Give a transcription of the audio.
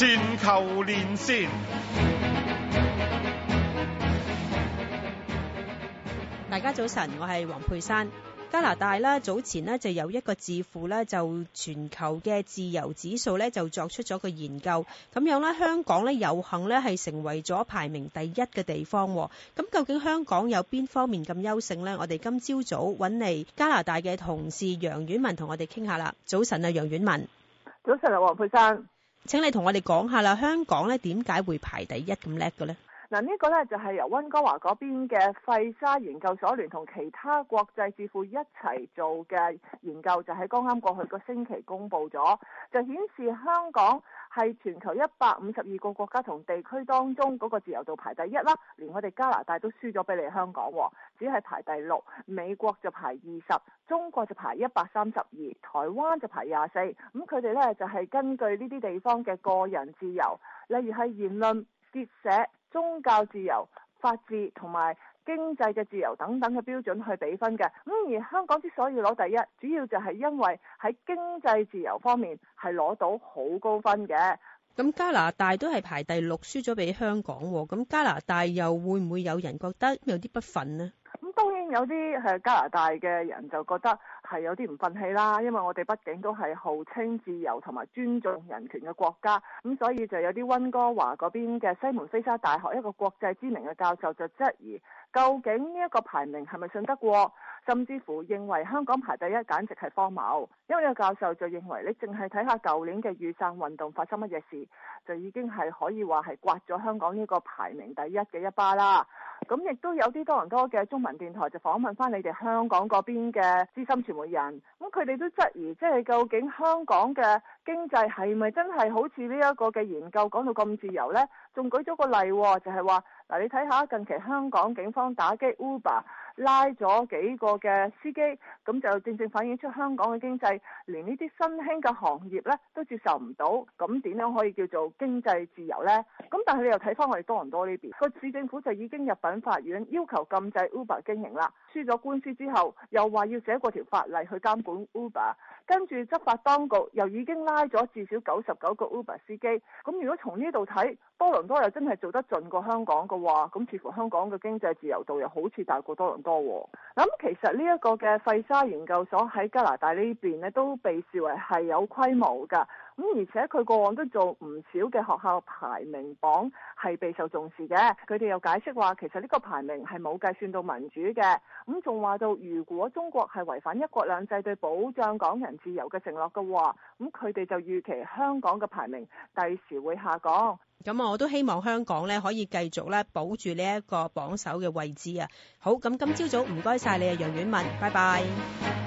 全球連線，大家早晨，我係黃佩珊。加拿大咧，早前呢就有一個智庫咧，就全球嘅自由指數咧就作出咗個研究，咁樣咧香港咧有幸咧係成為咗排名第一嘅地方。咁究竟香港有邊方面咁優勝呢？我哋今朝早揾嚟加拿大嘅同事楊婉雯同我哋傾下啦。早晨啊，楊婉雯。早晨啊，黃佩珊。請你同我哋講下啦，香港呢，點解會排第一咁叻嘅呢？嗱，呢個呢就係由溫哥華嗰邊嘅費沙研究所聯同其他國際智庫一齊做嘅研究，就喺剛啱過去個星期公布咗，就顯示香港係全球一百五十二個國家同地區當中嗰個自由度排第一啦，連我哋加拿大都輸咗俾你香港，只係排第六，美國就排二十，中國就排一百三十二，台灣就排廿四，咁佢哋呢，就係根據呢啲地方嘅個人自由，例如係言論。結社、宗教自由、法治同埋經濟嘅自由等等嘅標準去比分嘅，咁而香港之所以攞第一，主要就係因為喺經濟自由方面係攞到好高分嘅。咁加拿大都係排第六，輸咗俾香港。咁加拿大又會唔會有人覺得有啲不忿呢？咁，當然有啲係加拿大嘅人就覺得。係有啲唔憤氣啦，因為我哋畢竟都係號稱自由同埋尊重人權嘅國家，咁所以就有啲溫哥華嗰邊嘅西門菲沙大學一個國際知名嘅教授就質疑，究竟呢一個排名係咪信得過？甚至乎認為香港排第一簡直係荒謬，因為有教授就認為你淨係睇下舊年嘅雨傘運動發生乜嘢事，就已經係可以話係刮咗香港呢個排名第一嘅一巴啦。咁亦都有啲多倫多嘅中文電台就訪問翻你哋香港嗰邊嘅資深傳媒人咁，佢哋都質疑，即係究竟香港嘅經濟係咪真係好似呢一個嘅研究講到咁自由咧？仲舉咗個例喎，就係話：嗱，你睇下近期香港警方打擊 Uber。拉咗幾個嘅司機，咁就正正反映出香港嘅經濟，連呢啲新興嘅行業咧都接受唔到，咁點樣可以叫做經濟自由呢？咁但係你又睇翻我哋多倫多呢邊，個市政府就已經入禀法院要求禁制 Uber 經營啦，輸咗官司之後，又話要寫過條法例去監管 Uber，跟住執法當局又已經拉咗至少九十九個 Uber 司機，咁如果從呢度睇，多倫多又真係做得盡過香港嘅話，咁似乎香港嘅經濟自由度又好似大過多倫多。多，咁其實呢一個嘅費沙研究所喺加拿大呢邊都被視為係有規模噶，咁而且佢過往都做唔少嘅學校的排名榜係備受重視嘅。佢哋又解釋話，其實呢個排名係冇計算到民主嘅，咁仲話到如果中國係違反一國兩制對保障港人自由嘅承諾嘅話，咁佢哋就預期香港嘅排名第時會下降。咁啊，我都希望香港咧可以繼續咧保住呢一個榜首嘅位置啊！好，咁今朝早唔該曬你啊，楊婉雯，拜拜。